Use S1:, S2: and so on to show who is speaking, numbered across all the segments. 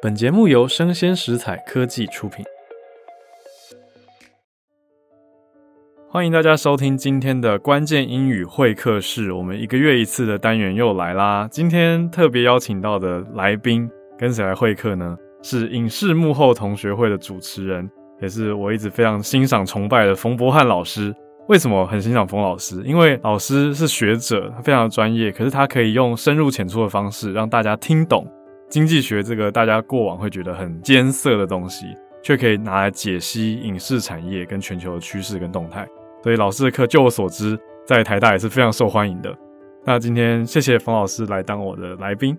S1: 本節目由聲鮮時采科技出品。歡迎大家收聽今天的關鍵英語會客室，我們一個月一次的單元又來啦。今天特別邀請到的來賓，跟誰來會客呢？是影視幕後同學會的主持人，也是我一直非常欣賞、崇拜的馮勃翰老師。為什麼很欣賞馮老師？因為老師是學者，他非常的專業，可是他可以用深入淺出的方式讓大家聽懂。經濟學這個大家過往會覺得很艱澀的東西，卻可以拿來解析影視產業跟全球的趨勢跟動態。所以老師的課，就我所知，在台大也是非常受歡迎的。那今天謝謝馮老師來當我的來賓。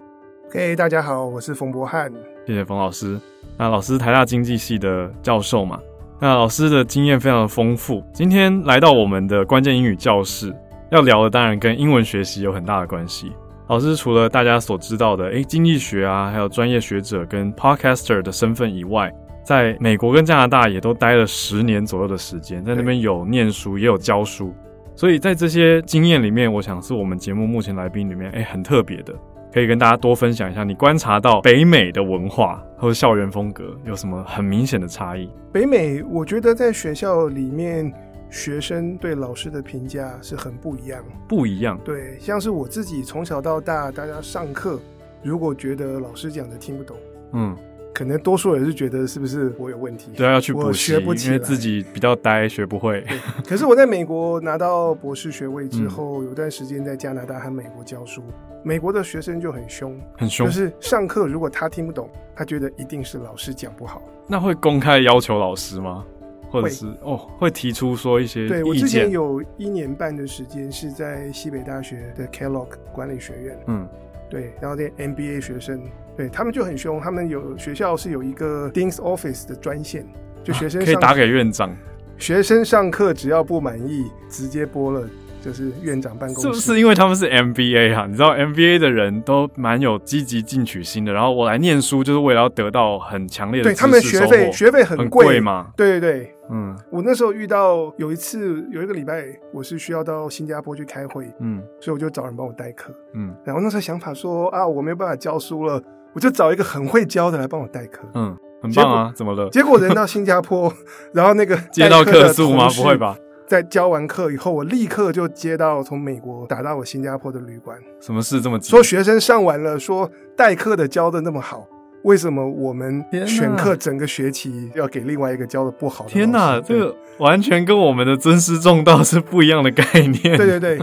S1: OK，
S2: 大家好，我是馮勃翰。
S1: 謝謝馮老師。那老師是台大經濟系的教授嘛，那老師的經驗非常的豐富。今天來到我們的關鍵英語教室，要聊的當然跟英文學習有很大的關係。老師除了大家所知道的哎、欸、經濟學啊，還有專業學者跟 podcaster 的身份以外，在美國跟加拿大也都待了十年左右的時間，在那邊有念書也有教書，所以在這些經驗裡面，我想是我們節目目前來賓裡面哎、欸、很特別的，可以跟大家多分享一下，你觀察到北美的文化和校園風格有什麼很明顯的差異？
S2: 北美我覺得在學校裡面。學生對老師的評價是很不一樣，不一樣。對，像是我自己從小到大，大家上課如果覺得老師講的聽不懂，嗯，可能多數人是覺得是不是我有問題，對啊，要去補習，因為自己
S1: 比較呆，學不會。
S2: 可是我在美國拿到博士學位之後，嗯、有段時間在加拿大和美國教書，美國的學生就很兇，很兇。可是上課如果他聽不懂，他覺得一定是老師講不好。
S1: 那會公開要求老師嗎？或者是會哦，會提出說一些對。我之前
S2: 有一年半的時間是在西北大學的 Kellogg 管理學院，嗯，對，然後那 MBA 學生對他們就很凶，他們有學校是有一個 Dean's Office 的專線，就學生、啊、可以打給院長，學生上課只要不滿意，直接撥了。就是院長辦公室，是不是因
S1: 為他們是 MBA 啊？你知道 MBA 的人都蠻有積極進取心的。然後我來念書，就是為了要得到很強烈的。對他們學費，學費很貴嗎？對對
S2: 對，嗯。我那時候遇到有一次有一個禮拜，我是需要到新加坡去開會，嗯，所以我就找人幫我代課，嗯。然後那時候想法說啊，我沒有辦法教書了，我就找一個很會教的來幫我代課，
S1: 嗯，很棒啊。怎麼了？結果人到
S2: 新加坡， 然後那個接到客訴嗎？不會吧？在教完課以後，我立刻就接到從美國打到我新加坡的旅館，
S1: 什麼事這麼
S2: 急？說學生上完了，說代課的教的那麼好。為什麼我們選課整個學期要給另外一個教的不好的老師？天
S1: 哪，天哪，這個完全跟我們的尊師重道是不一樣的概念。 對對對，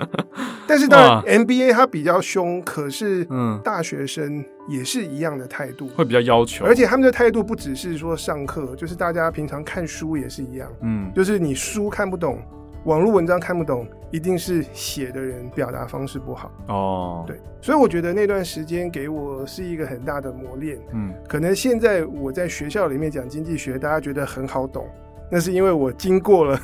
S2: 但是當然，MBA 它比較兇，可是嗯，大學生也是一樣的態度，嗯，會比較要求，而且他們的態度不只是說上課，就是大家平常看書也是一樣，嗯，就是你書看不懂，網絡文章看不懂。一定是寫的人表達方式不好哦，oh. 對，所以我覺得那段時間給我是一個很大的磨練。嗯，可能現在我在學校裡面講經濟學，大家覺得很好懂，那是因為我經過了，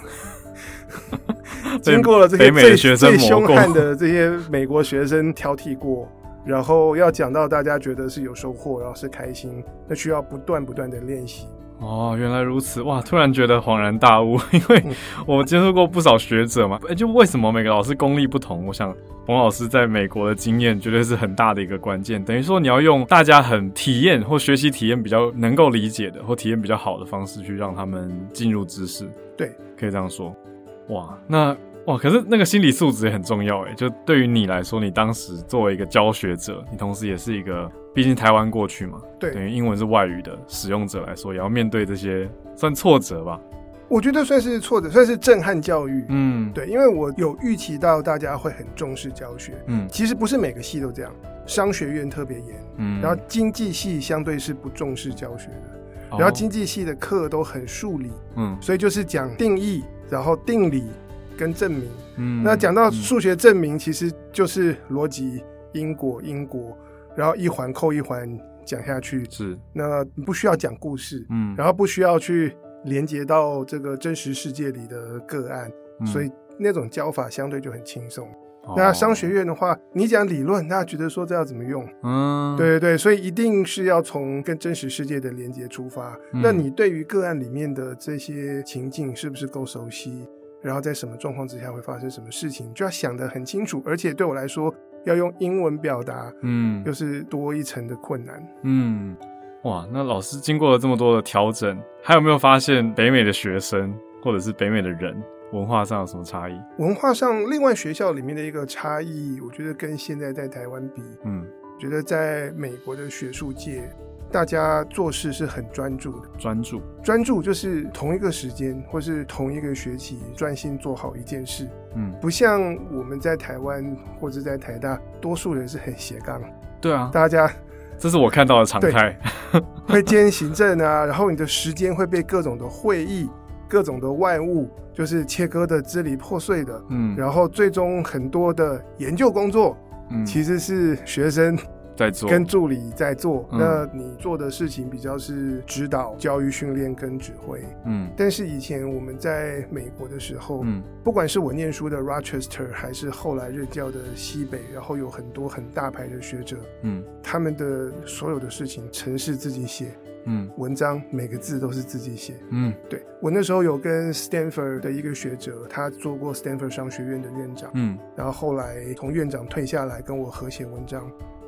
S2: 經過了這些最學生最凶悍的這些美國學生挑剔過，然後要講到大家覺得是有收穫，然後是開心，那需要不斷不斷的練習。
S1: 哦，原來如此哇！突然覺得恍然大悟，因為我接觸過不少學者嘛。哎、欸，就為什麼每個老師功力不同？我想馮老師在美國的經驗絕對是很大的一個關鍵。等於說，你要用大家很體驗或學習體驗比較能夠理解的，或體驗比較好的方式去讓他們進入知識。對，可以這樣說。哇，那哇，可是那個心理素質也很重要哎。就對於你來說，你當時作為一個教學者，你同時也是一個。畢竟台灣過去嘛，對，等於英文是外語的使用者來說，也要面對這些算挫折吧。
S2: 我覺得算是挫折，算是震撼教育。嗯，對，因為我有預期到大家會很重視教學。嗯，其實不是每個系都這樣，商學院特別嚴。嗯，然後經濟系相對是不重視教學的，哦、然後經濟系的課都很數理。嗯，所以就是講定義，然後定理跟證明。嗯，那講到數學證明，嗯，其實就是邏輯因果因果。英國英國然後一環扣一環講下去，是那不需要講故事，嗯，然後不需要去連接到這個真實世界裡的個案，嗯、所以那種教法相對就很輕鬆。哦、那商學院的話，你講理論，那覺得說這要怎麼用，嗯，對對對，所以一定是要從跟真實世界的連接出發。嗯、那你對於個案裡面的這些情境是不是夠熟悉？然後在什麼狀況之下會發生什麼事情，就要想得很清楚。而且對我來說。要用英文表達，嗯，又、就是多一層的困難。
S1: 嗯，哇，那老師經過了這麼多的調整，還有沒有發現北美的學生或者是北美的人文化上有什麼差異？
S2: 文化上，另外學校裡面的一個差異，我覺得跟現在在台灣比，嗯，覺得在美國的學術界，大家做事是很專注的。專注，專注就是同一個時間或是同一個學期，專心做好一件事。嗯，不像我們在台灣或者在台大，大多數人是很斜槓。對啊，大家，
S1: 這是我看到的常態。
S2: 會兼行政啊，然後你的時間會被各種的會議、各種的外務，就是切割的支離破碎的。嗯，然後最終很多的研究工作，嗯，其實是學生在做跟助理在做，嗯，那你做的事情比較是指導、教育、訓練跟指揮。嗯，但是以前我們在美國的時候，嗯，不管是我念書的 Rochester，還是後來任教的西北，然後有很多很大牌的學者，嗯，他們的所有的事情，全是自己寫，嗯，文章每個字都是自己寫，嗯，對，我那時候有跟 Stanford 的一個學者，他做過 Stanford 商學院的院長，嗯，然後後來從院長退下來，跟我合寫文章。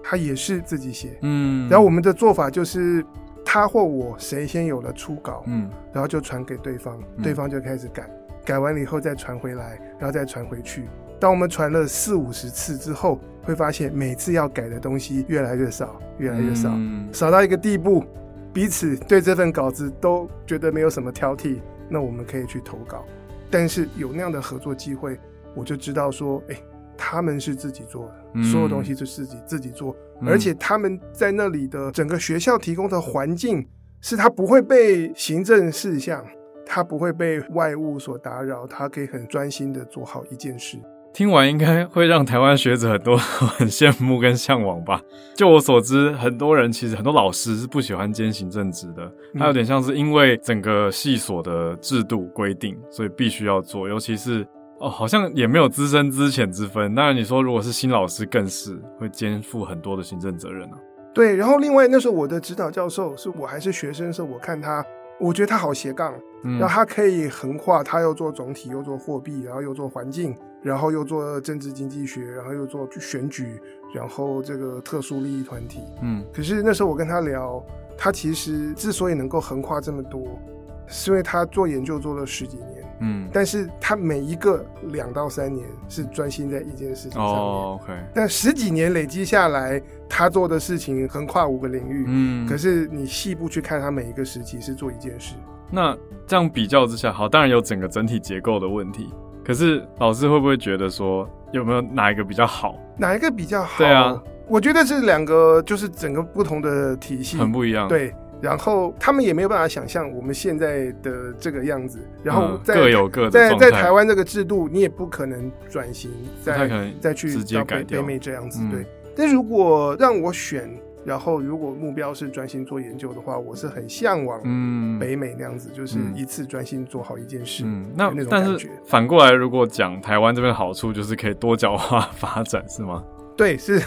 S2: 他也是自己寫，嗯，然後我們的做法就是他或我誰先有了初稿，嗯，然後就傳給對方，嗯，對方就開始改，改完了以後再傳回來，然後再傳回去。當我們傳了四五十次之後，會發現每次要改的東西越來越少，越來越少，嗯，少到一個地步，彼此對這份稿子都覺得沒有什麼挑剔，那我們可以去投稿。但是有那樣的合作機會，我就知道說，哎。他們是自己做的，嗯，所有東西是自己自己做，嗯，而且他們在那裡的整個學校提供的環境，是他不會被行政事項，他不會被外務所打擾，他可以很專心的做好一件事。
S1: 聽完應該會讓台灣學者很多很羨慕跟向往吧。就我所知，很多人其實很多老師是不喜歡兼行政職的，嗯，他有點像是因為整個系所的制度規定，所以必須要做，尤其是。哦，好像也沒有資深資淺之分。那你說，如果是新老師，更是會肩負很多的行政責任呢、啊？
S2: 對。然後，另外那時候我的指導教授是我還是學生的時候，我看他，我覺得他好斜槓。嗯。然後他可以橫跨，他又做總體，又做貨幣，然後又做環境，然後又做政治經濟學，然後又做選舉，然後這個特殊利益團體。嗯。可是那時候我跟他聊，他其實之所以能夠橫跨這麼多。是因為他做研究做了十幾年，嗯，但是他每一個兩到三年是專心在一件事情
S1: 上面，哦，OK。
S2: 但十幾年累積下來，他做的事情橫跨五個領域，嗯，可是你細部去看，他每一個時期是做一件事。
S1: 那這樣比較之下，好，當然有整個整體結構的問題。可是老師會不會覺得說，有沒有哪一個比較好？
S2: 哪一個比較好？對啊，我覺得這兩個，就是整個不同的體系，很不一樣，對。然後他們也沒有辦法想象我們現在的這個樣子，然後在、嗯、各有各的在在台灣這個制度，你也不可能轉型再再去直接改北美這樣子、嗯。對，但如果讓我選，然後如果目標是專心做研究的話，我是很向往嗯北美那樣子、嗯，就是一次專心做好一件事。嗯、那，那種感覺。但是
S1: 反過來，如果講台灣這邊好處，就是可以多角化發展，是嗎？
S2: 對，是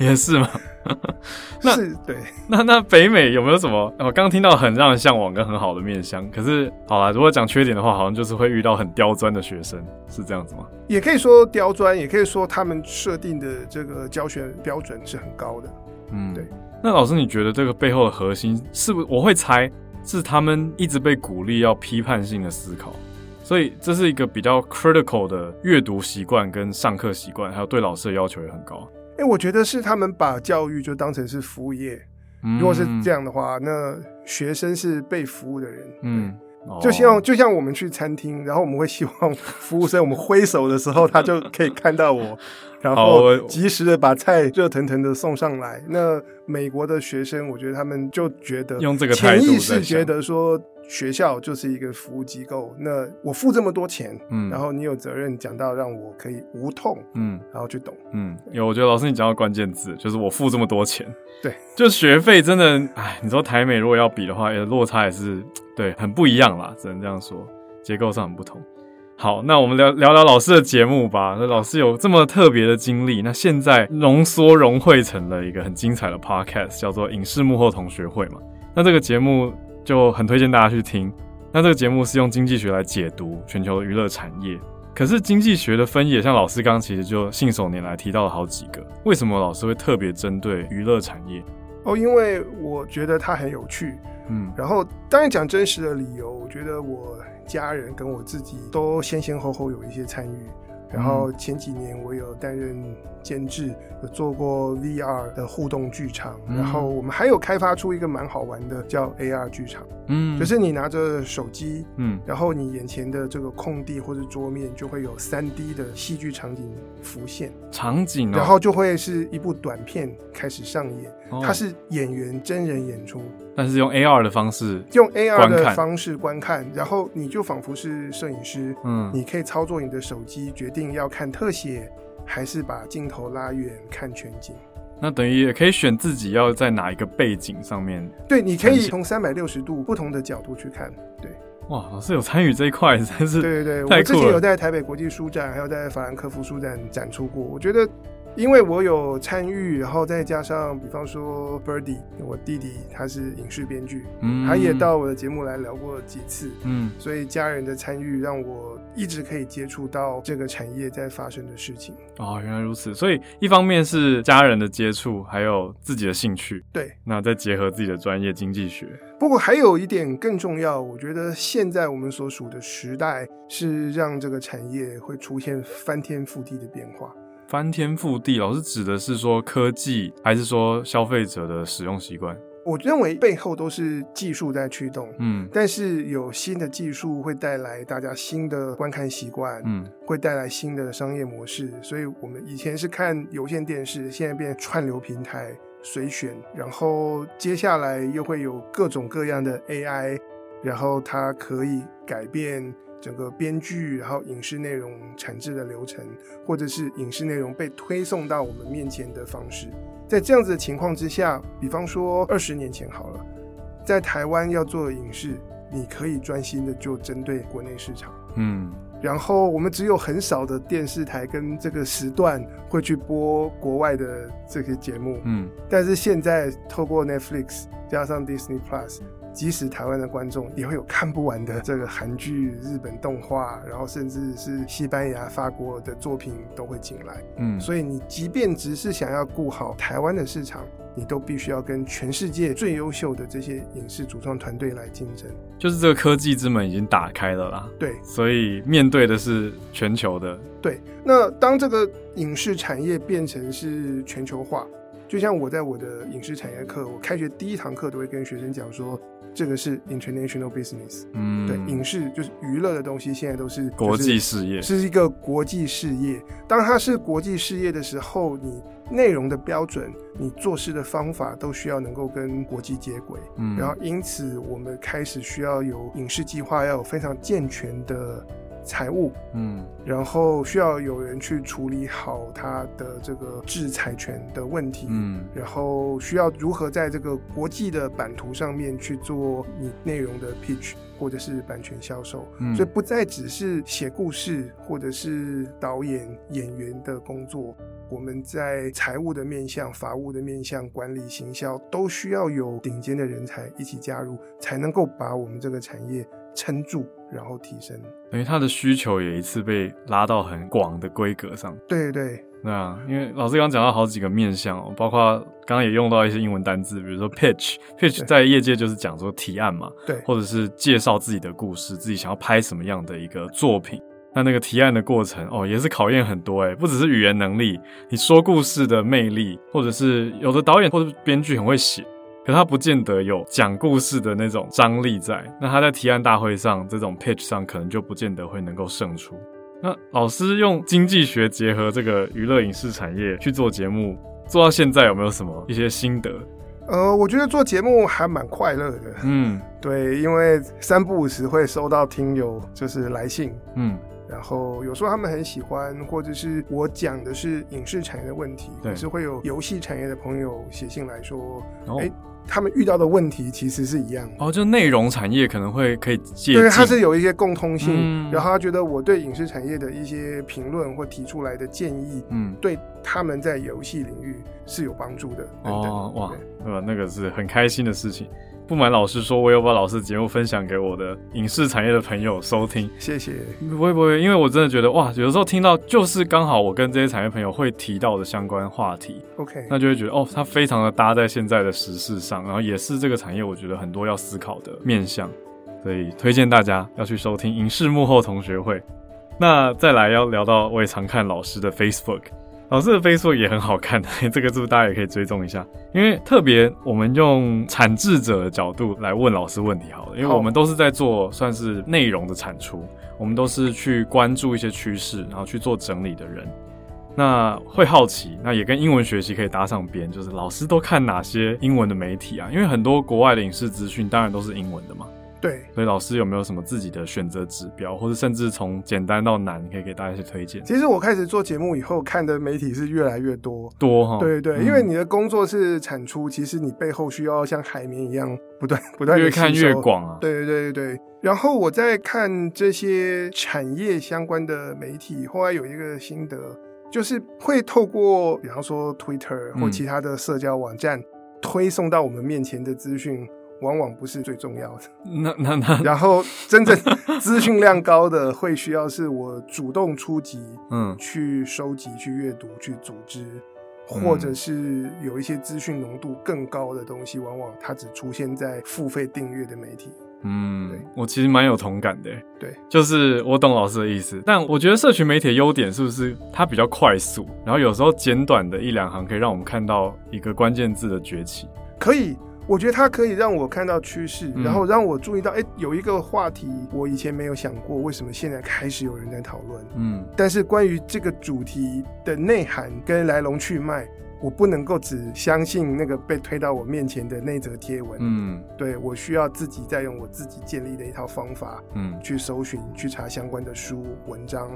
S2: 也是嘛， 那是對，
S1: 那那北美有沒有什麼？我剛剛聽到很讓人向往跟很好的面相，可是好啦，如果講缺點的話，好像就是會遇到很刁鑽的學生，是這樣子嗎？
S2: 也可以說刁鑽，也可以說他們設定的這個教學標準是很高的。嗯，對。
S1: 那老師，你覺得這個背後的核心是不？我會猜是他們一直被鼓勵要批判性的思考。所以這是一個比較 critical 的閱讀習慣跟上課習慣，還有對老師的要求也很高。
S2: 哎、欸，我覺得是他們把教育就當成是服務業、嗯。如果是這樣的話，那學生是被服務的人。嗯，哦、就希望就像我們去餐廳，然後我們會希望服務生，我們揮手的時候，他就可以看到我， 然後及時的把菜熱騰騰的送上來。那美國的學生，我覺得他們就覺得用這個態度，潛意識覺得說，學校就是一個服務機構，那我付這麼多錢，嗯，然後你有責任講到讓我可以無痛，嗯，然後去懂，嗯，
S1: 有、呃、我覺得老師你講到關鍵字就是我付這麼多錢，對，就學費真的，哎，你說台美如果要比的話，哎、欸，落差也是對，很不一樣啦，只能這樣說，結構上很不同。好，那我們聊聊聊老師的節目吧。那老師有這麼特別的經歷，那現在濃縮融匯成了一個很精彩的 podcast，叫做《影視幕後同學會》嘛。那這個節目。就很推薦大家去聽。那這個節目是用經濟學來解讀全球的娛樂產業，可是經濟學的分野，像老師剛剛其實就信手拈來提到了好幾個。為什麼老師會特別針對娛樂產業？
S2: 哦，因為我覺得它很有趣。嗯，然後當然講真實的理由，我覺得我家人跟我自己都先先後後有一些參與。然後前幾年我有擔任監製，有做過 VR 的互動劇場，然後我們還有開發出一個蠻好玩的叫 AR 劇場，嗯，可、就是你拿着手機，嗯，然後你眼前的這個空地或者桌面就會有 3D 的戲劇場景浮現，場景，哦，然後就會是一部短片開始上演。哦，他是演員真人演出，
S1: 但是用 AR 的方式，用 AR 的方
S2: 式觀看，然後你就仿佛是攝影師，嗯，你可以操作你的手機，決定要看特寫，還是把鏡頭拉遠看全景。
S1: 那等於也可以選自己要在哪一個背景上面。
S2: 對，你可以從三百六十度不同的角度去看。對，
S1: 哇，老師有參與這一塊，真是對對對，太酷了。我之前有
S2: 在台北國際書展，還有在法蘭克福書展展出過，我覺得。因為我有參與，然後再加上，比方說 Birdy，我弟弟他是影視編劇，嗯，他也到我的節目來聊過幾次，嗯，所以家人的參與讓我一直可以接觸到這個產業在發生的事情。
S1: 哦，原來如此，所以一方面是家人的接觸，還有自己的興趣，對，那再結合自己的專業經濟學。
S2: 不過還有一點更重要，我覺得現在我們所處的時代是讓這個產業會出現翻天覆地的變化。
S1: 翻天覆地，老師指的是說科技，還是說消費者的使用習慣？
S2: 我認為背後都是技術在驅動。嗯，但是有新的技術會帶來大家新的觀看習慣，嗯，會帶來新的商業模式。所以我們以前是看有線電視，現在變成串流平台，隨選，然後接下來又會有各種各樣的 AI，然後它可以改變。整個編劇，然後影視內容產製的流程，或者是影視內容被推送到我們面前的方式，在這樣子的情況之下，比方說二十年前好了，在台灣要做影視，你可以專心的就針對國內市場，嗯，然後我們只有很少的電視台跟這個時段會去播國外的這些節目，嗯，但是現在透過 Netflix 加上 Disney Plus。即使台灣的觀眾也會有看不完的這個韓劇、日本動畫，然後甚至是西班牙、法國的作品都會進來。嗯，所以你即便只是想要顧好台灣的市場，你都必須要跟全世界最優秀的這些影視主創團隊來競爭。
S1: 就是這個科技之門已經打開了啦。對，所以面對的是全球的。
S2: 對，那當這個影視產業變成是全球化，就像我在我的影視產業課，我開學第一堂課都會跟學生講說。這個是 international business，嗯，對，影視就是娛樂的東西，現在都是、就是、國際事業，是一個國際事業。當它是國際事業的時候，你內容的標準，你做事的方法，都需要能夠跟國際接軌。嗯，然後因此，我們開始需要有影視計劃，要有非常健全的。財務，嗯，然後需要有人去處理好他的這個智財權的問題，嗯，然後需要如何在這個國際的版圖上面去做你內容的 pitch 或者是版權銷售，嗯，所以不再只是寫故事或者是導演演員的工作，我們在財務的面向、法務的面向、管理、行銷都需要有頂尖的人才一起加入，才能夠把我們這個產業撐住。然後提升，
S1: 等於他的需求有一次被拉到很廣的規格上。對對對啊，因為老師剛剛講到好幾個面向哦，包括剛剛也用到一些英文單字，比如說 pitch，pitch pitch 在業界就是講說提案嘛，對，或者是介紹自己的故事，自己想要拍什麼樣的一個作品。那那個提案的過程哦，也是考驗很多哎，不只是語言能力，你說故事的魅力，或者是有的導演或者編劇很會寫。可他不見得有講故事的那種張力在，那他在提案大會上這種 pitch 上可能就不見得會能夠勝出。那老師用經濟學結合這個娛樂影視產業去做節目，做到現在有沒有什麼一些心得？
S2: 呃，我覺得做節目還蠻快樂的。嗯，對，因為三不五時會收到聽友就是來信，嗯，然後有時候他們很喜歡，或者是我講的是影視產業的問題，對，可是會有遊戲產業的朋友寫信來說，哦他們遇到的問題其實是一樣
S1: 的哦，就內容產業可能會可以借鑒對，他是有一
S2: 些共通性。嗯、然後他覺得我對影視產業的一些評論或提出來的建議，嗯，對他們在遊戲領域是有幫助的
S1: 等等。哦哇，呃、哦，那個是很開心的事情。不瞞老師說，我有把老師的節目分享給我的影視產業的朋友收聽。謝謝。不會不會，因為我真的覺得哇，有的時候聽到就是剛好我跟這些產業朋友會提到的相關話題。OK，那就會覺得哦，它非常的搭在現在的時事上，然後也是這個產業我覺得很多要思考的面向，所以推薦大家要去收聽影視幕後同學會。那再來要聊到，我也常看老師的 Facebook。老師的臉書也很好看，這個是不是大家也可以追蹤一下？因為特別，我們用產製者的角度來問老師問題，好了，因為我們都是在做算是內容的產出，我們都是去關注一些趨勢，然後去做整理的人，那會好奇，那也跟英文學習可以搭上邊，就是老師都看哪些英文的媒體啊？因為很多國外的影視資訊當然都是英文的嘛。對，所以老師有沒有什麼自己的選擇指標，或者甚至從簡單到難，可以給大家去推薦？其實
S2: 我開始做節目以後，看的媒體是越來越多，多哈。對對、對、嗯，因為你的工作是產出，其實你背後需要像海綿一樣不斷不斷越看越廣啊。對對對對對。然後我在看這些產業相關的媒體，後來有一個心得，就是會透過比方說 Twitter 或其他的社交網站、嗯、推送到我們面前的資訊。往往不是最重要的。那那那，然後真正資訊量高的會需要是我主動出擊，嗯，去收集、去閱讀、去組織，或者是有一些資訊濃度更高的東西，嗯、往往它只出現在付費訂閱的媒體。嗯，
S1: 對，我其實蠻有同感的。對，就是我懂老師的意思，但我覺得社群媒體的優點是不是它比較快速，然後有時候簡短的一兩行可以讓我們看到一個關鍵字的崛起，
S2: 可以。我覺得它可以讓我看到趨勢，嗯、然後讓我注意到，哎，有一個話題我以前沒有想過，為什麼現在開始有人在討論？嗯，但是關於這個主題的內涵跟來龍去脈，我不能夠只相信那個被推到我面前的那則貼文。嗯，對，我需要自己再用我自己建立的一套方法，嗯，去搜尋、嗯、去查相關的書、文章。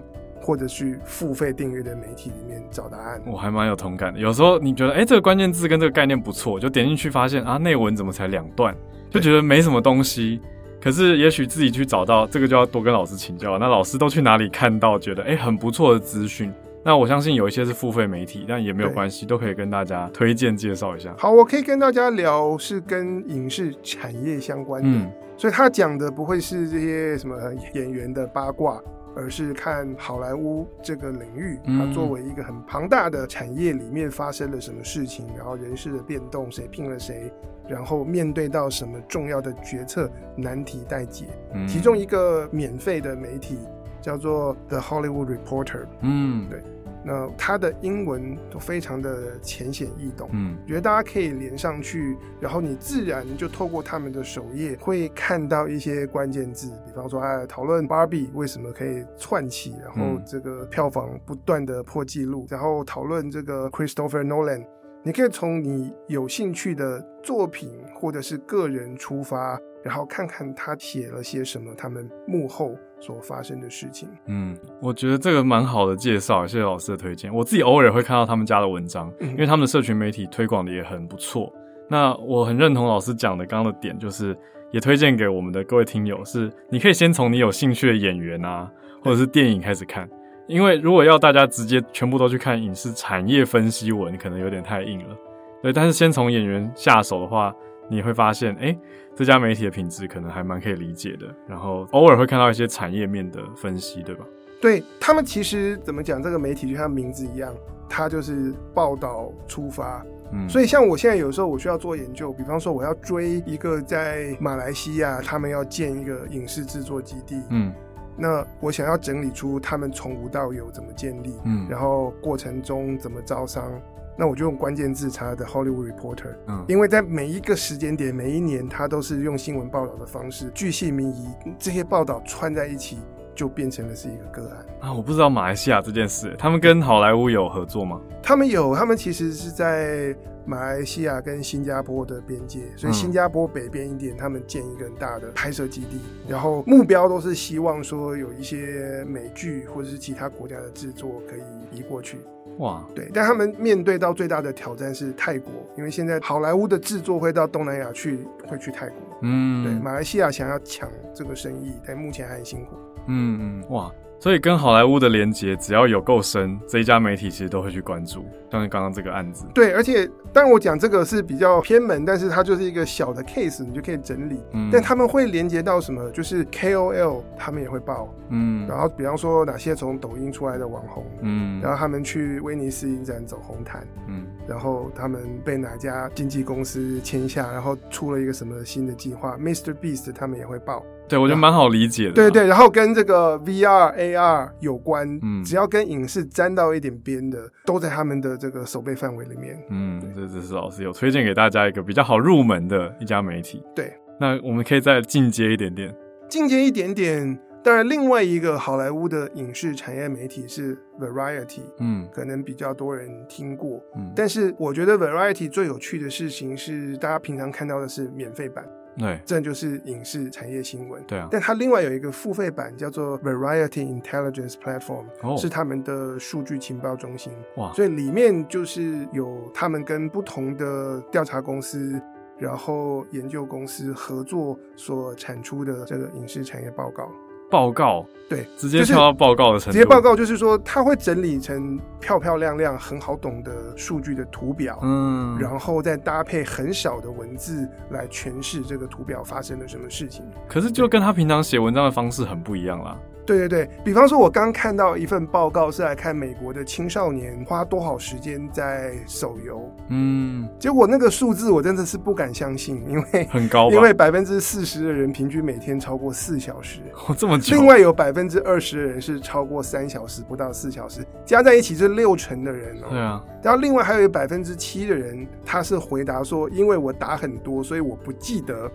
S2: 或者去付費訂閱的媒體裡面找答案，我還
S1: 蠻有同感的。有時候你覺得，欸，這個關鍵字跟這個概念不錯，就點進去發現啊，內文怎麼才兩段，就覺得沒什麼東西。可是也許自己去找到這個，就要多跟老師請教。那老師都去哪裡看到，覺得欸，很不錯的資訊？那我相信有一些是付費媒體，但也沒有關係，都可以跟大家推薦介紹一下。
S2: 好，我可以跟大家聊是跟影視產業相關的，嗯，所以他講的不會是這些什麼演員的八卦。而是看好萊塢這個領域，嗯，它作為一個很龐大的產業裡面發生了什麼事情，然後人事的變動，誰聘了誰，然後面對到什麼重要的決策難題待解，嗯。其中一個免費的媒體叫做《The Hollywood Reporter》，嗯，對。那它的英文都非常的淺顯易懂，嗯，覺得大家可以連上去，然後你自然就透過他們的首頁會看到一些關鍵字，比方說，哎，討論 Barbie 為什麼可以竄起，然後這個票房不斷的破紀錄，然後討論這個 Christopher Nolan。你可以從你有興趣的作品或者是個人出發，然後看看他寫了些什麼，他們幕後所發生的事情。嗯，
S1: 我覺得這個蠻好的介紹，謝謝老師的推薦。我自己偶爾也會看到他們家的文章，嗯，因為他們的社群媒體推廣的也很不錯。那我很認同老師講的剛剛的點，就是也推薦給我們的各位聽友是，你可以先從你有興趣的演員啊，或者是電影開始看。 因為如果要大家直接全部都去看影視產業分析文，可能有點太硬了。對，但是先從演員下手的話，你會發現，哎、欸，這家媒體的品質可能還蠻可以理解的。然後偶爾會看到一些產業面的分析，對
S2: 吧？對，他們其實怎麼講，這個媒體就像名字一樣，它就是報道出發。嗯，所以像我現在有時候我需要做研究，比方說我要追一個在馬來西亞，他們要建一個影視製作基地。嗯。那我想要整理出他們從無到有怎麼建立，嗯，然後過程中怎麼招商，那我就用關鍵字查的《Hollywood Reporter》，嗯，因為在每一個時間點、每一年，他都是用新聞報道的方式，巨細靡遺，這些報道串在一起。就變成了是一個個案
S1: 啊！我不知道馬來西亞這件事，他們跟好萊塢有合作嗎？
S2: 他們有，他們其實是在馬來西亞跟新加坡的邊界，所以新加坡北邊一點，嗯，他們建一個很大的拍攝基地，然後目標都是希望說有一些美劇或者是其他國家的制作可以移過去。哇，對，但他們面對到最大的挑戰是泰國，因為現在好萊塢的製作會到東南亞去，會去泰國。
S1: 嗯，對，馬
S2: 來西亞想要搶這個生意，但目前還很辛苦。嗯
S1: 嗯，哇。所以跟好萊塢的連接只要有夠深，這一家媒體其實都會去關注。像是剛剛這個
S2: 案子，對，而且當然我講這個是比較偏門，但是它就是一個小的 case，你就可以整理。嗯，但他們會連接到什麼？就是 KOL，他們也會報。嗯，然後比方說哪些從抖音出來的網紅，嗯，然後他們去威尼斯影展走紅毯，嗯。然後他們被哪家經紀公司簽下，然後出了一個什麼新的計劃？Mr. Beast 他們也會報，
S1: 對，我覺得蠻好理解的啊。對對，
S2: 然後跟這個 VR、AR 有關，嗯，只要跟影視沾到一點邊的，都在他們的這個守備範圍裡面。
S1: 嗯，這這是老師有推薦給大家一個比較好入門的一家媒體。對，那我們可以再進階一點點，
S2: 進階一點點。當然，另外一個好萊塢的影視產業媒體是 Variety，嗯，可能比較多人聽過，嗯，但是我覺得 Variety 最有趣的事情是，大家平常看到的是免費版，對，哎，這就是影視產業新聞，對啊，但它另外有一個付費版，叫做 Variety Intelligence Platform，哦，是他們的數據情報中心，哇，所以裡面就是有他們跟不同的調查公司，然後研究公司合作所產出的這個影視產業報告。
S1: 報告對、就是，直接跳到報告的程度。直接報告就是
S2: 說，他會整理成漂漂亮亮，很好懂的數據的圖表，嗯，然後再搭配很少的文字來詮釋這個圖表發生了什麼事情。
S1: 可是，就跟他平常寫文章的方式很不一樣啦。
S2: 對對對，比方說，我剛看到一份報告是來看美國的青少年花多少時間在手遊，嗯，結果那個數字我真的是不敢相信，因為很高，因為百分之四十的人平均每天超過四小時，哦，這麼久，另外有百分之二十的人是超過三小時不到四小時，加在一起是六成的人哦，對啊。然後另外還有一百分之七的人，他是回答說，因為我打很多，所以我不記得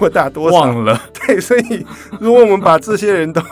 S2: 我打多少。忘了。對，所以如果我們把這些人都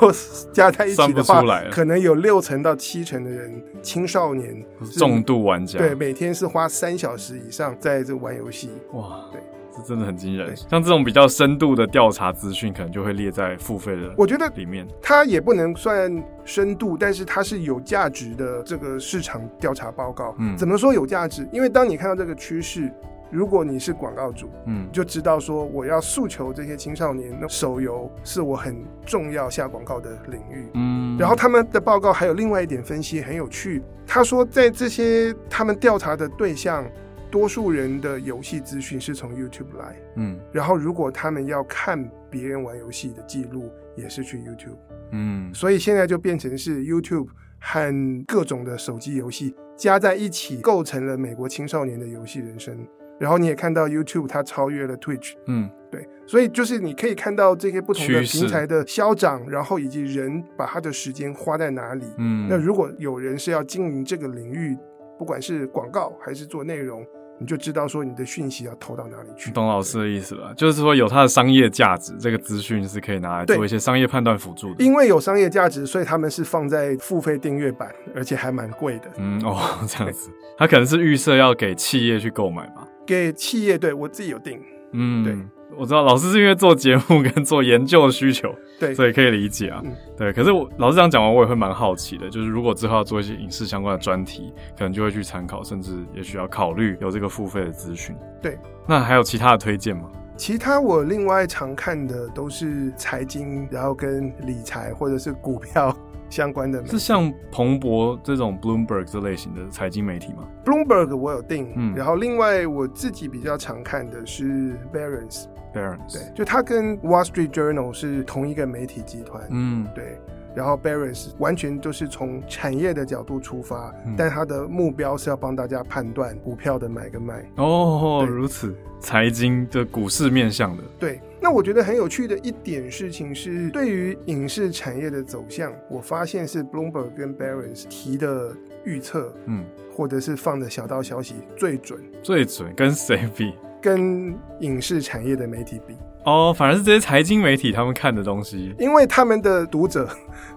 S2: 加在一起的話，可能有六成到七成的人，青少年重度玩家，對，每天是花三小時以上在這玩遊戲。哇，對。
S1: 真的很驚人，像這種比較深度的調查資訊，可能就會列在付費的裡面。我覺得裡面
S2: 它也不能算深度，但是它是有價值的。這個市場調查報告，嗯，怎麼說有價值？因為當你看到這個趨勢，如果你是廣告主，嗯，就知道說我要訴求這些青少年，手遊是我很重要下廣告的領域。嗯，然後他們的報告還有另外一點分析很有趣，他說在這些他們調查的對象。多數人的遊戲資訊是從 YouTube 來，嗯，然後如果他們要看別人玩遊戲的記錄，也是去 YouTube，嗯，所以現在就變成是 YouTube 和各種的手機遊戲加在一起構成了美國青少年的遊戲人生。然後你也看到 YouTube 它超越了 Twitch，嗯，對，所以就是你可以看到這些不同的平台的消長，然後以及人把他的時間花在哪裡。嗯，那如果有人是要經營這個領域，不管是廣告還是做內容。你就知道說你的訊息要投到哪裡
S1: 去。懂老師的意思了，就是說有他的商業價值，這個資訊是可以拿來做一些商業判斷輔助的。因
S2: 為有商業價值，所以他們是放在付費訂閱版，而且還蠻貴的。
S1: 嗯，哦，這樣子。他可能是預設要給企業去購買吧？
S2: 給企業，對，我自己有訂。嗯，對，我知道
S1: 老師是因為做節目跟做研究的需求，對，所以可以理解啊。嗯、對，可是我老師這樣講完，我也會蠻好奇的，就是如果之後要做一些影視相關的專題，可能就會去參考，甚至也需要考慮有這個付費的資訊。對，那還有其他的推薦嗎？
S2: 其他我另外常看的都是財經，然後跟理財或者是股票。相關的，是
S1: 像彭博這種 Bloomberg 這類型的財經媒體嗎
S2: ？Bloomberg 我有訂，嗯，然後另外我自己比較常看的是 Barrons，Barrons，對，就它跟 Wall Street Journal 是同一個媒體集團，嗯，對，然後 Barrons 完全就是從產業的角度出發，嗯，但它的目標是要幫大家判斷股票的買跟賣。
S1: 哦，如此，財經的股市面向的，
S2: 對。那我覺得很有趣的一點事情是，對於影視產業的走向，我發現是 Bloomberg 跟 Barrons 提的預測，嗯，或者是放的小道消息最準，
S1: 最準跟誰比？
S2: 跟影視產業的媒體比。
S1: 哦，反而是這些財經媒體他們看的東西，
S2: 因為他們的讀者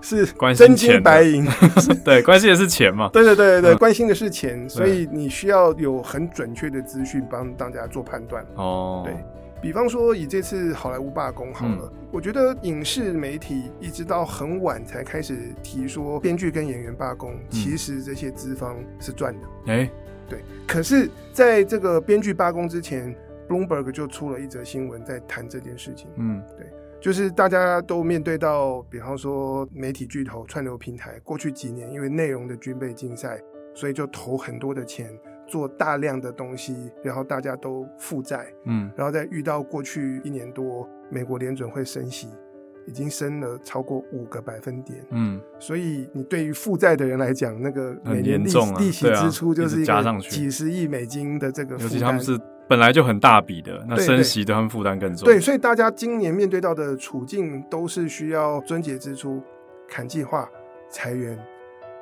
S2: 是真金白銀，關
S1: 心錢的 對，關心的是錢嘛。 對對對對、嗯，關心的是錢，所以
S2: 你需要有很準確的資訊幫大家做判斷。哦，對。比方說，以這次好萊塢罷工好了。嗯，我覺得影視媒體一直到很晚才開始提說編劇跟演員罷工，嗯，其實這些資方是賺的。哎，嗯，對。可是，在這個編劇罷工之前，Bloomberg 就出了一則新聞在談這件事情。嗯，對，就是大家都面對到，比方說媒體巨頭串流平台，過去幾年因為內容的軍備競賽，所以就投很多的錢。做大量的東西，然後大家都負債，嗯，然後再遇到過去一年多美國聯準會升息，已經升了超過五個百分點，嗯，所以你對於負債的人來講，那個每年很嚴重、啊、利息支出就是一個幾十億美金的這個負，尤其、啊、他們是
S1: 本來就很大筆的，那升息他們負擔更重，對對，對，所
S2: 以大家今年面對到的處境都是需要樽節支出、砍計劃、裁員，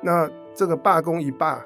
S2: 那這個罷工一罷。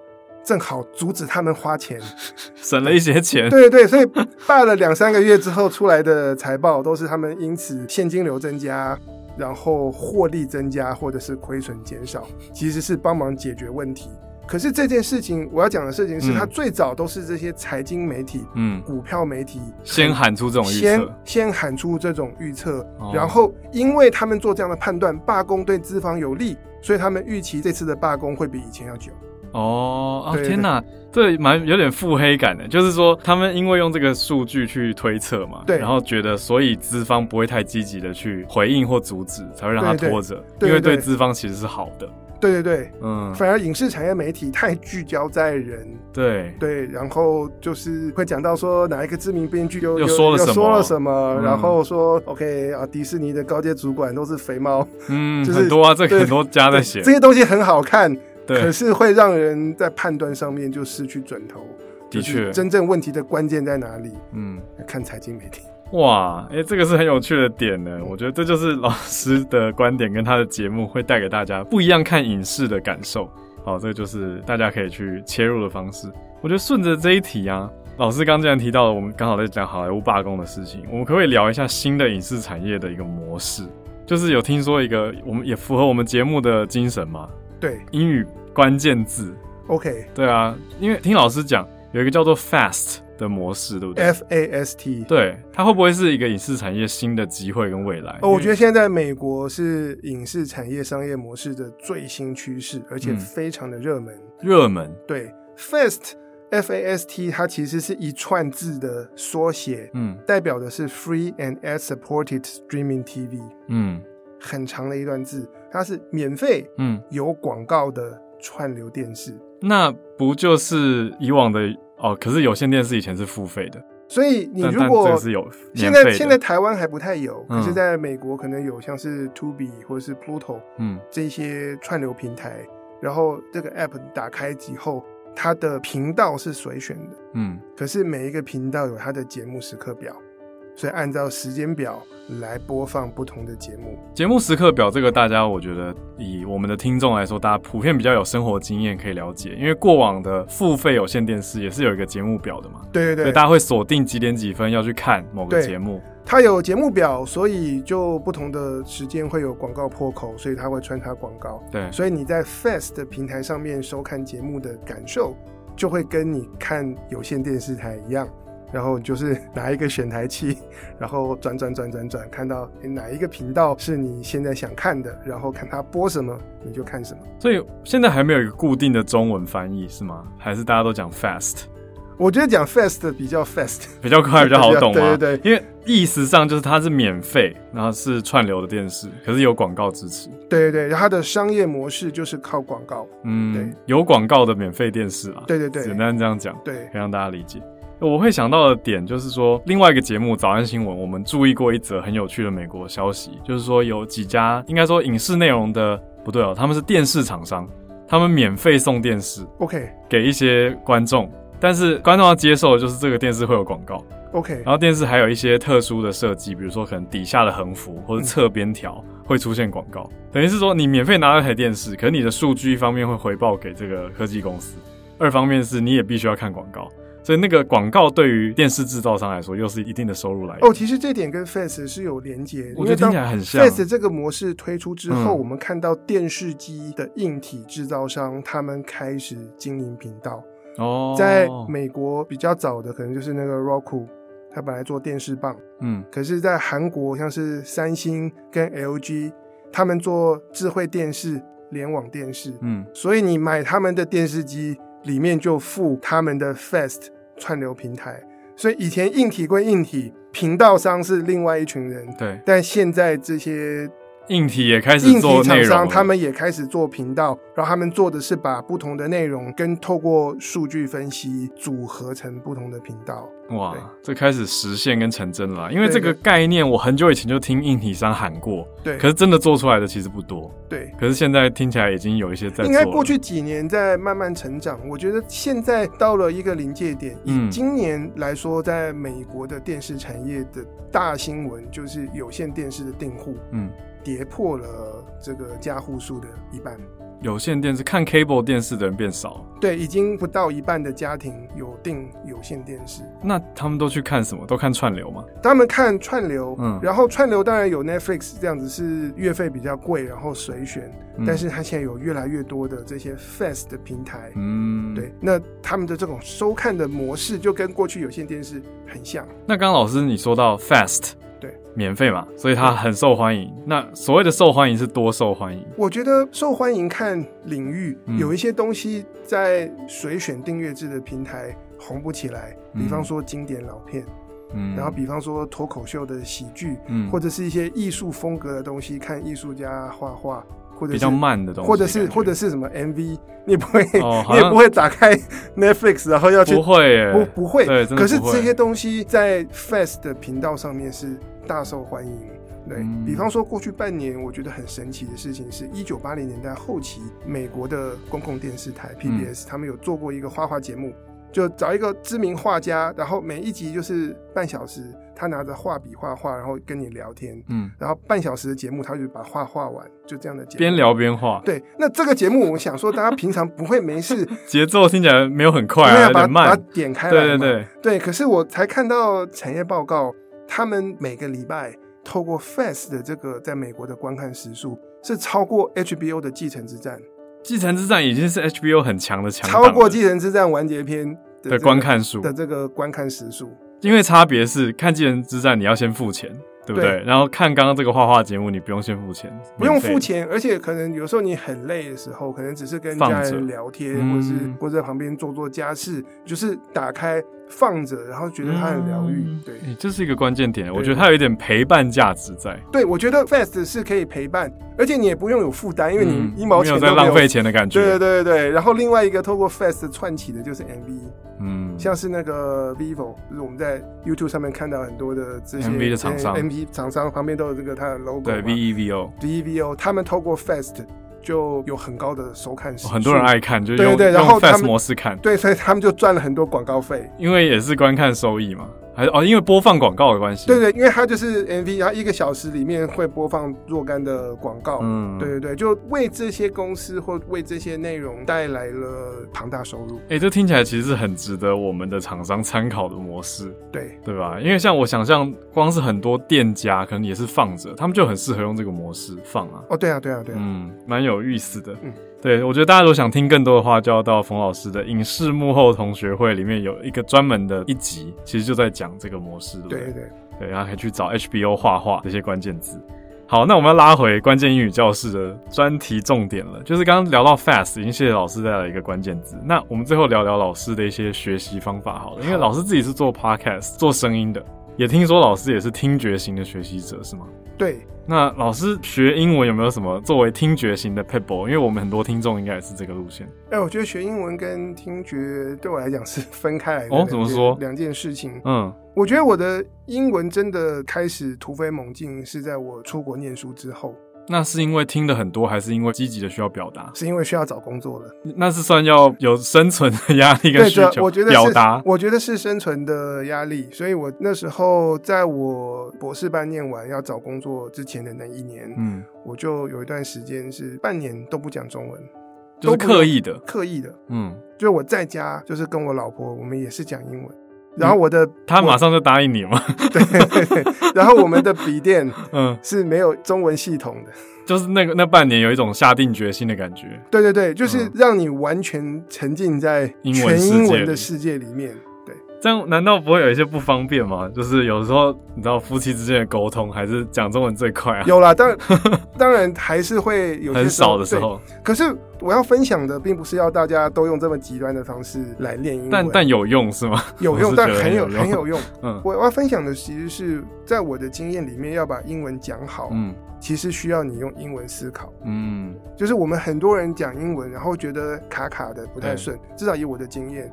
S2: 正好阻止他們花錢，
S1: 省了一些錢。對對對，
S2: 所以罷了兩三個月之後出來的財報，都是他們因此現金流增加，然後獲利增加，或者是虧損減少，其實是幫忙解決問題。可是這件事情，我要講的事情是，他最早都是這些財經媒體、嗯，股票媒體先
S1: 喊出這種預測先，
S2: 先喊出這種預測，然後因為他們做這樣的判斷，罷工對資方有利，所以他們預期這次的罷工會比以前要久。
S1: 哦、oh, 啊，天哪，對對，這蠻有點腹黑感的。就是說，他們因為用這個數據去推測嘛，對，然後覺得所以資方不會太積極的去回應或阻止，才會讓他拖着，對對，因為對資方其實是好
S2: 的。對對對，嗯，反而影視產業媒體太聚焦在人，對對，然後就是會講到說哪一個知名編劇又又說了什麼，說了什麼嗯、然後說 OK 啊，迪士尼的高階主管都是肥貓，嗯，就是、很多啊，這個、很多家在寫這些東西很好看。可是會讓人在判斷上面就失去準頭。的確，真正問題的關鍵在哪裡？嗯，看財經媒體。
S1: 哇，誒、欸，這個是很有趣的點呢、嗯。我覺得這就是老師的觀點跟他的節目會帶給大家不一樣看影視的感受。好，這個就是大家可以去切入的方式。我覺得順着這一題啊，老師剛既然提到了，我們剛好在講好萊塢罷工的事情，我們可不可以聊一下新的影視產業的一個模式？就是有聽說一個，我們也符合我們節目的精神嘛？對英語關鍵字，OK，對啊，因為聽老師講有一個叫做 Fast 的模式，對不對？F
S2: A S T，對，
S1: 它會不會是一個影視產業新的機會跟未來？哦，我覺得
S2: 現在美國是影視產業商業模式的最新趨勢，而且非常的熱門。嗯，熱門，對，Fast F A S T，它其實是一串字的縮寫，嗯，代表的是 Free and ad-supported streaming TV，嗯。很長的一段字，它是免費，嗯，有廣告的串流電視。嗯，
S1: 那不就是以往的哦？可是有線電視以前是付費的，所以你如果但但現在現在
S2: 台灣還不太有，嗯，可是在美國可能有像是 Tubi 或者是 Pluto，嗯，這些串流平台，嗯。然後這個 App 打開以後，它的頻道是隨選的，嗯，可是每一個頻道有它的節目時刻表。所以按照時間表來播放不同的節目，
S1: 節目時刻表這個大家，我覺得以我們的聽眾來說，大家普遍比較有生活經驗可以了解，因為過往的付費有線電視也是有一個節目表的嘛。
S2: 對對對，大家
S1: 會鎖定幾點幾分要去看某個節目，
S2: 它有節目表，所以就不同的時間會有廣告破口，所以它會穿插廣告。對，所以你在 Fast 平台上面收看節目的感受，就會跟你看有線電視台一樣。然後就是拿一個選台器，然後轉轉轉轉轉，看到誒哪一個頻道是你現在想看的，然後看它播什麼，你就看什麼。
S1: 所以現在還沒有一個固定的中文翻譯是嗎？還是大家都講 fast？
S2: 我覺得講 fast 比較 fast，比較快比較好懂啊。對對對，
S1: 因為意思上就是它是免費，然後是串流的電視，可是有廣告支持。
S2: 對對對，然後它的商業模式就是靠廣告。
S1: 對，嗯，有廣告的免費電視啊。對對對，簡單這樣講，對，可以讓大家理解。我會想到的點就是說，另外一個節目《早安新聞》，我們注意過一則很有趣的美國消息，就是說有幾家應該說影視內容的不對哦、喔，他們是電視廠商，他們免費送電視，OK，給一些觀眾，但是觀眾要接受的就是這個電視會有廣告，OK，然後電視還有一些特殊的設計，比如說可能底下的橫幅或者側邊條會出現廣告，等於是說你免費拿了台電視，可能你的數據一方面會回報給這個科技公司，二方面是你也必須要看廣告。所以那個廣告對於電視製造商來說，又是一定的收入來
S2: 源。哦，其實這點跟 FAST 是有連結。我覺得聽起來很像。FAST 這個模式推出之後，嗯、我們看到電視機的硬體製造商，他們開始經營頻道。哦，在美國比較早的，可能就是那個 Roku，它本來做電視棒。嗯。可是在韓，在韓國像是三星跟 LG，他們做智慧電視、聯網電視。嗯。所以你買他們的電視機。裡面就附他們的 Fast 串流平台，所以以前硬體歸硬體，頻道商是另外一群人，對，但現在這些。硬體也開始做內容，硬體商商他們也開始做頻道。然後他們做的是把不同的內容跟透過數據分析組合成不同的頻道。
S1: 哇，這開始實現跟成真了。因為這個概念，我很久以前就聽硬體商喊過。對，可是真的做出來的其實不多。對，可是現在聽起來已經有一些在做。應該過去
S2: 幾年在慢慢成長。我覺得現在到了一個臨界點。嗯，以今年來說，在美國的電視產業的大新聞就是有線電視的訂戶。嗯。跌破了這個家戶數的一半。
S1: 有線電視看 cable 電視的人變少，
S2: 對，已經不到一半的家庭有訂有線電視。
S1: 那他們都去看什麼？都看串流嗎？
S2: 他們看串流，嗯，然後串流當然有 Netflix 這樣子是月費比較貴，然後隨選，嗯，但是他現在有越來越多的這些 fast 的平台，嗯，對，那他們的這種收看的模式就跟過去有線電視很像。
S1: 那剛剛老師你說到 fast。免費嘛，所以他很受歡迎。那所謂的受歡迎是多受歡迎？
S2: 我覺得受歡迎看領域，嗯，有一些東西在隨選訂閱制的平台紅不起來，比方說，經典老片，嗯，然後比方說，脫口秀的喜劇，嗯，或者是一些藝術風格的東西，看藝術家畫畫，或者比較慢的東西，或者是或者是什麼 MV，你也不會、哦， 你也不會打開 Netflix 然後要去，不會、欸不，不會，不不會，對，真的不會。可是這些東西在 Fast 的頻道上面是，大受歡迎，對，比方說，過去半年我覺得很神奇的事情是，一九八零年代後期，美國的公共電視台 PBS，嗯，他們有做過一個畫畫節目，就找一個知名畫家，然後每一集就是半小時，他拿着畫筆畫畫，然後跟你聊天，嗯，然後半小時的節目，他就把畫畫完，就這樣的節目，邊
S1: 聊邊畫。
S2: 對，那這個節目，我想說，大家平常不會沒事，
S1: 節奏聽起來沒有很快啊，有點慢，把它點開了，對對
S2: 對，對。可是我才看到產業報告。他們每個禮拜透過 FAST 的這個在美國的觀看時數是超過 HBO 的《繼承之戰》，
S1: 《繼承之戰》已經是 HBO 很強的強檔，超過《
S2: 繼承之戰》完結篇
S1: 的,、這個、的觀看數的
S2: 這個觀看時數
S1: 因為差別是看《繼承之戰》，你要先付錢，對不對？對然後看剛剛這個畫畫節目，你不用先付錢，不用付
S2: 錢。而且可能有時候你很累的時候，可能只是跟家人聊天，或是或者是旁邊做做家事、嗯，就是打開。放着，然後覺得它很療癒，嗯，
S1: 對，這是一個關鍵點。我覺得它有一點陪伴價值在。
S2: 對，我覺得 fast 是可以陪伴，而且你也不用有負擔，因為你一毛錢都沒有，嗯，沒有在浪費錢的感覺。對對對對，然後另外一個透過 fast 串起的就是 MV，嗯，像是那個 VEVO，就是我們在 YouTube 上面看到很多的這些 MV 的廠商，MV 廠商旁邊都有這個它的 logo，對，VEVO、VEVO，他們透過 fast。就有很高的收看，哦，很多人愛看，就用用 fast 模式看，對，所以他們就賺了很多廣告費，
S1: 因為也是觀看收益嘛。還哦，因為播放廣告的關係，
S2: 對對，因為它就是 MV，它一個小時裡面會播放若干的廣告，嗯，對對對，就為這些公司或為這些內容帶來了龐大收入。哎、
S1: 欸，這聽起來其實是很值得我們的廠商參考的模式，對對吧？因為像我想象，光是很多店家可能也是放着，他們就很適合用這個模式放啊。
S2: 哦，對啊，對啊，對啊，嗯，
S1: 蠻有意思的，嗯。對，我覺得大家如果想聽更多的話，就要到馮老師的影視幕後同學會裡面，有一個專門的一集，其實就在講這個模式，對，對對。對，然後可以去找 HBO 畫畫這些關鍵字。好，那我們要拉回關鍵英語教室的專題重點了，就是剛剛聊到 FAST，已經謝謝老師帶來一個關鍵字。那我們最後聊聊老師的一些學習方法好，好了，因為老師自己是做 podcast 做聲音的，也聽說老師也是聽覺型的學習者，是嗎？對，那老師學英文有沒有什麼作為聽覺型的 people？因為我們很多聽眾應該也是這個路線。
S2: 哎、欸，我覺得學英文跟聽覺對我來講是分開來的。哦，怎麼說？兩件事情。嗯，我覺得我的英文真的開始突飛猛進是在我出國念書之後。
S1: 那是因為聽的很多，還是因為積極的需要表達？
S2: 是因為需要找工作了。
S1: 那是算要有生存的壓力跟需求？ 我覺得是表達，
S2: 我覺得是生存的壓力。所以我那時候在我博士班念完要找工作之前的那一年，嗯，我就有一段時間是半年都不講中文，都、就是、刻意的，刻意的，嗯，就我在家就是跟我老婆，我們也是講英文。然後我的、嗯、他馬上
S1: 就答應你嘛， 對，對，
S2: 對。然後我們的筆電嗯是沒有中文系統的，
S1: 就是那個那半年有一種下定決心的感覺，
S2: 對對對，就是讓你完全沉浸在全英文的世界裡面。
S1: 但難道不會有一些不方便嗎？就是有時候你知道夫妻之間的溝通還是講中文最快啊。有
S2: 啦，當然 當然還是會有很少的時候。可是我要分享的並不是要大家都用這麼極端的方式來練英文。但但
S1: 有用是嗎？有用，但很有很有用。有有用 嗯，
S2: 我要分享的其實是在我的經驗裡面，要把英文講好，嗯，其實需要你用英文思考，嗯，就是我們很多人講英文然後覺得卡卡的不太順，至少以我的經驗。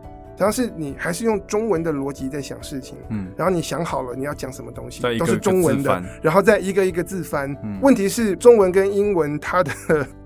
S2: 但是你還是用中文的邏輯在想事情，嗯，然後你想好了你要講什麼東西，一個一個都是中文的，然後再一個一個字翻，嗯。問題是中文跟英文它的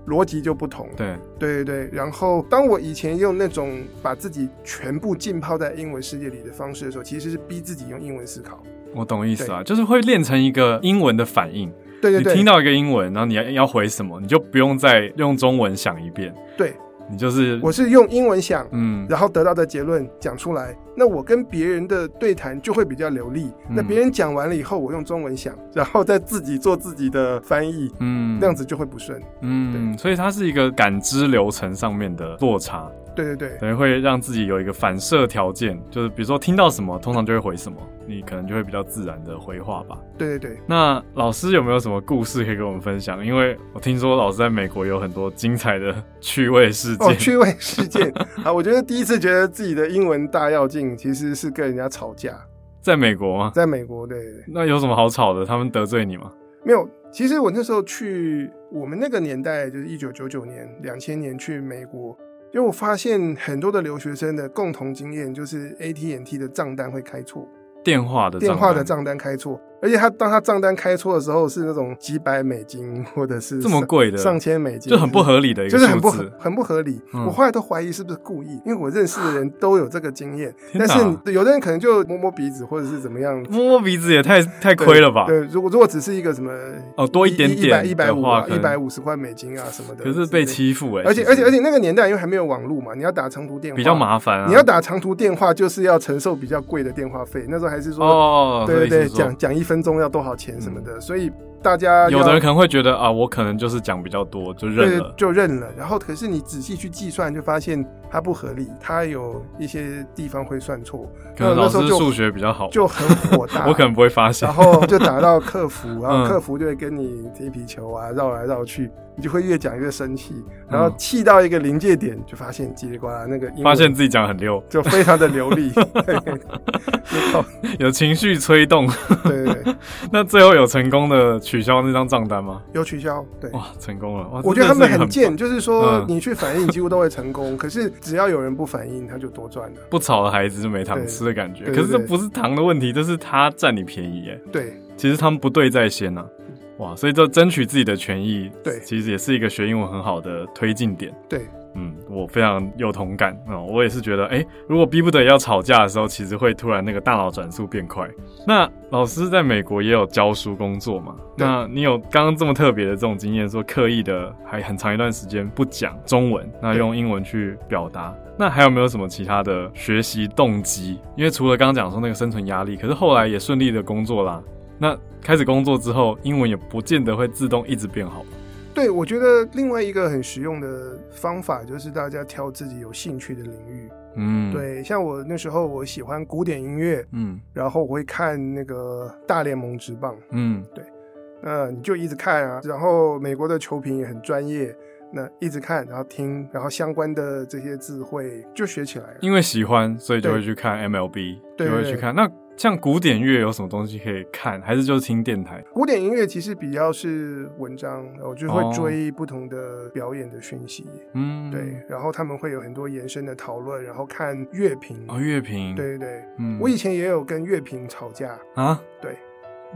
S2: 邏輯就不同，對，對對對。然後當我以前用那種把自己全部浸泡在英文世界裡的方式的時候，其實是逼自己用英文思考。
S1: 我懂意思啊，就是會練成一個英文的反應。對對對，對，你聽到一個英文，然後你要要回什麼，你就不用再用中文想一遍。對。你就是，我是用英
S2: 文想，嗯，然後得到的結論講出來，那我跟別人的對談就會比較流利。嗯，那別人講完了以後，我用中文想，然後再自己做自己的翻譯，嗯，那樣子就會不順，嗯，
S1: 對。所以它是一個感知流程上面的落差。對對對，等於會讓自己有一個反射條件，就是比如說聽到什麼，通常就會回什麼，你可能就會比較自然的回話吧。
S2: 對對對，那
S1: 老師有沒有什麼故事可以跟我們分享？因為我聽說老師在美國有很多精彩的趣味事件。哦，趣
S2: 味事件啊！ 我覺得第一次覺得自己的英文大躍進其實是跟人家吵架，
S1: 在美國嗎？在
S2: 美國對，對，
S1: 對。那有什麼好吵的？他們得罪你嗎？
S2: 沒有。其實我那時候去我們那個年代，就是一九九九年、兩千年去美國。因為我發現很多的留學生的共同經驗，就是 AT&T 的賬單會開錯，
S1: 電話的賬單，電話的
S2: 賬單開錯。而且他當他賬單開錯的時候，是那種幾百美金或者是這麼貴的上千美金，就很不合理的一個數字，是不是，就是很不合很不合理。嗯、我後來都懷疑是不是故意，因為我認識的人都有這個經驗。但是有的人可能就摸摸鼻子或者是怎麼樣，摸摸鼻子也太太虧了吧？對，對如果如果只是一個什麼哦多一點點一百一百五一百五十塊美金啊什麼的，可是被欺負哎、欸。而且而且而且那個年代因為還沒有網絡嘛，你要打長途電話比較麻煩、啊，你要打長途電話就是要承受比較貴的電話費。那時候還是說哦，哦，哦，哦，哦對對講講一。分鐘要多少錢什麼的，嗯、所以大家有的人可能
S1: 會覺得啊，我可能就是講比較多，就認了，
S2: 就認了。然後，可是你仔細去計算，就發現。它不合理，它有一些地方會算錯。可能那時候就老師數學比較好，就很火大， 我可能不會發現。然後就打到客服， 然後客服就會跟你踢皮球啊、嗯，繞來繞去，你就會越講越生氣，然後氣到一個臨界點，嗯、就發現嘰哩呱啦那個音。發現自己講很溜，就非常的流利， 對
S1: 有情緒催動。對對對。 那最後有成功的取消那張賬單嗎？
S2: 有取消，對，哇，成功
S1: 了。哇我覺得他們很賤、嗯，就是說
S2: 你去反映你幾乎都會成功， 可是。只要有人不反應，他就多賺了。
S1: 不吵的孩子就沒糖吃的感覺，對對對對，可是這不是糖的問題，這，就是他佔你便宜哎，欸。對，其實他們不對在先啊。哇，所以這爭取自己的權益。對，其實也是一個學英文很好的推進點。
S2: 對。對嗯，
S1: 我非常有同感啊，嗯，我也是覺得，哎，如果逼不得已要吵架的時候，其實會突然那個大腦轉速變快。那老師在美國也有教書工作嘛？那你有剛剛這麼特別的這種經驗，說刻意的還很長一段時間不講中文，那用英文去表達，那還有沒有什麼其他的學習動機？因為除了剛剛講說那個生存壓力，可是後來也順利的工作啦。那開始工作之後，英文也不見得會自動一直變好。
S2: 對，我覺得另外一個很實用的方法就是大家挑自己有興趣的領域，嗯，對，像我那時候我喜歡古典音樂，嗯，然後我會看那個大聯盟職棒，嗯，對，那、呃、你就一直看啊，然後美國的球評也很專業，那一直看，然後聽，然後相關的這些字彙就學起來
S1: 了，因為喜歡，所以就會去看 MLB，對就會去看對對對那。像古典樂有什麼東西可以看，還是就是聽電台？
S2: 古典音樂其實比較是文章，我、哦、就會追不同的表演的訊息，嗯，
S1: 對。
S2: 然後他們會有很多延伸的討論，然後看樂評，哦、
S1: 樂評，對
S2: 對對，嗯。我以前也有跟樂評吵架啊，對，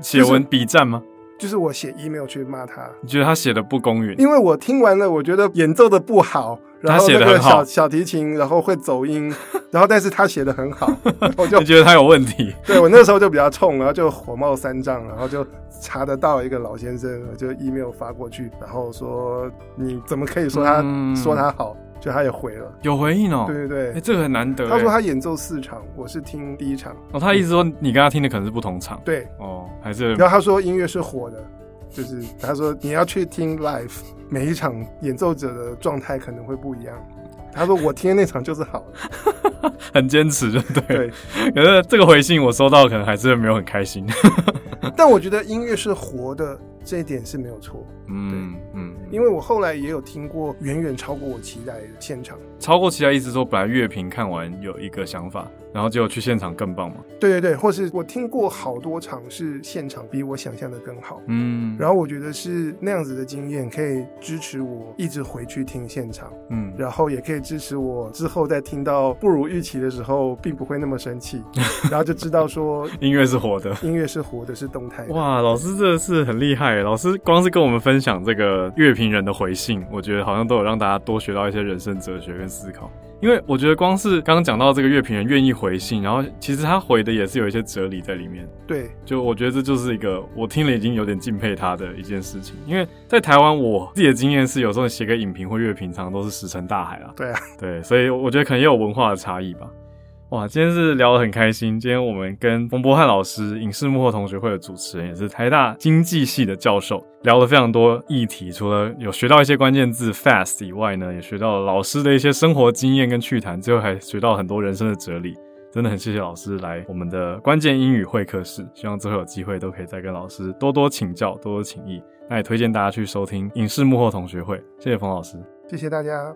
S2: 就是、寫文筆戰嗎？就是我寫 email 去罵他，
S1: 你覺得他寫的不公允？因
S2: 為我聽完了，我覺得演奏的不好，然後那個小、小、小提琴然後會走音，然後但是他寫的很好， 我就你覺得他有問題？對，我那時候就比較衝，然後就火冒三丈，然後就查得到一個老先生，就 email 發過去，然後說你怎麼可以說他、嗯、說他好？就他也回了，有回應哦。對對對，欸，這個很難得。他說他演奏四場，我是聽第一場。哦，他意
S1: 思說你跟他聽的可能是不同場。對，哦，還是。然後
S2: 他說音樂是活的，就是他說你要去聽 live，每一場演奏者的狀態可能會不一樣。他說我聽的那場就是好的，
S1: 很堅持就對，對對。可是這個回信我收到，可能還是沒有很開心。
S2: 但我覺得音樂是活的。這一點是沒有錯，嗯，對，
S1: 嗯，
S2: 因為我後來也有聽過遠遠超過我期待的現場。
S1: 超過其他意思說，本來樂評看完有一個想法，然後結果去現場更棒嘛？
S2: 對對對，或是我聽過好多場是現場比我想象的更好，嗯，然後我覺得是那樣子的經驗可以支持我一直回去聽現場，嗯，然後也可以支持我之後在聽到不如預期的時候，並不會那麼生氣， 然後就知道說音樂是活的，音樂是活的，是動態。
S1: 哇，老師真的是很厲害，老師光是跟我們分享這個樂評人的回信，我覺得好像都有讓大家多學到一些人生哲學跟。思考，因為我覺得光是剛剛講到這個樂評人願意回信，然後其實他回的也是有一些哲理在裡面。對，就我覺得這就是一個我聽了已經有點敬佩他的一件事情。因為在台灣，我自己的經驗是，有時候寫個影評或樂評，常常都是石沉大海啊。對啊，對，所以我覺得可能也有文化的差異吧。哇，今天是聊得很開心。今天我們跟馮勃翰老師、影視幕後同學會的主持人，也是台大經濟系的教授，聊了非常多議題。除了有學到一些關鍵字 fast 以外呢，也學到了老師的一些生活經驗跟趣談，最後還學到了很多人生的哲理。真的很謝謝老師來我們的關鍵英語會客室，希望最後有機會都可以再跟老師多多請教，多多請益。那也推薦大家去收聽影視幕後同學會。謝謝馮老師，
S2: 謝謝大家。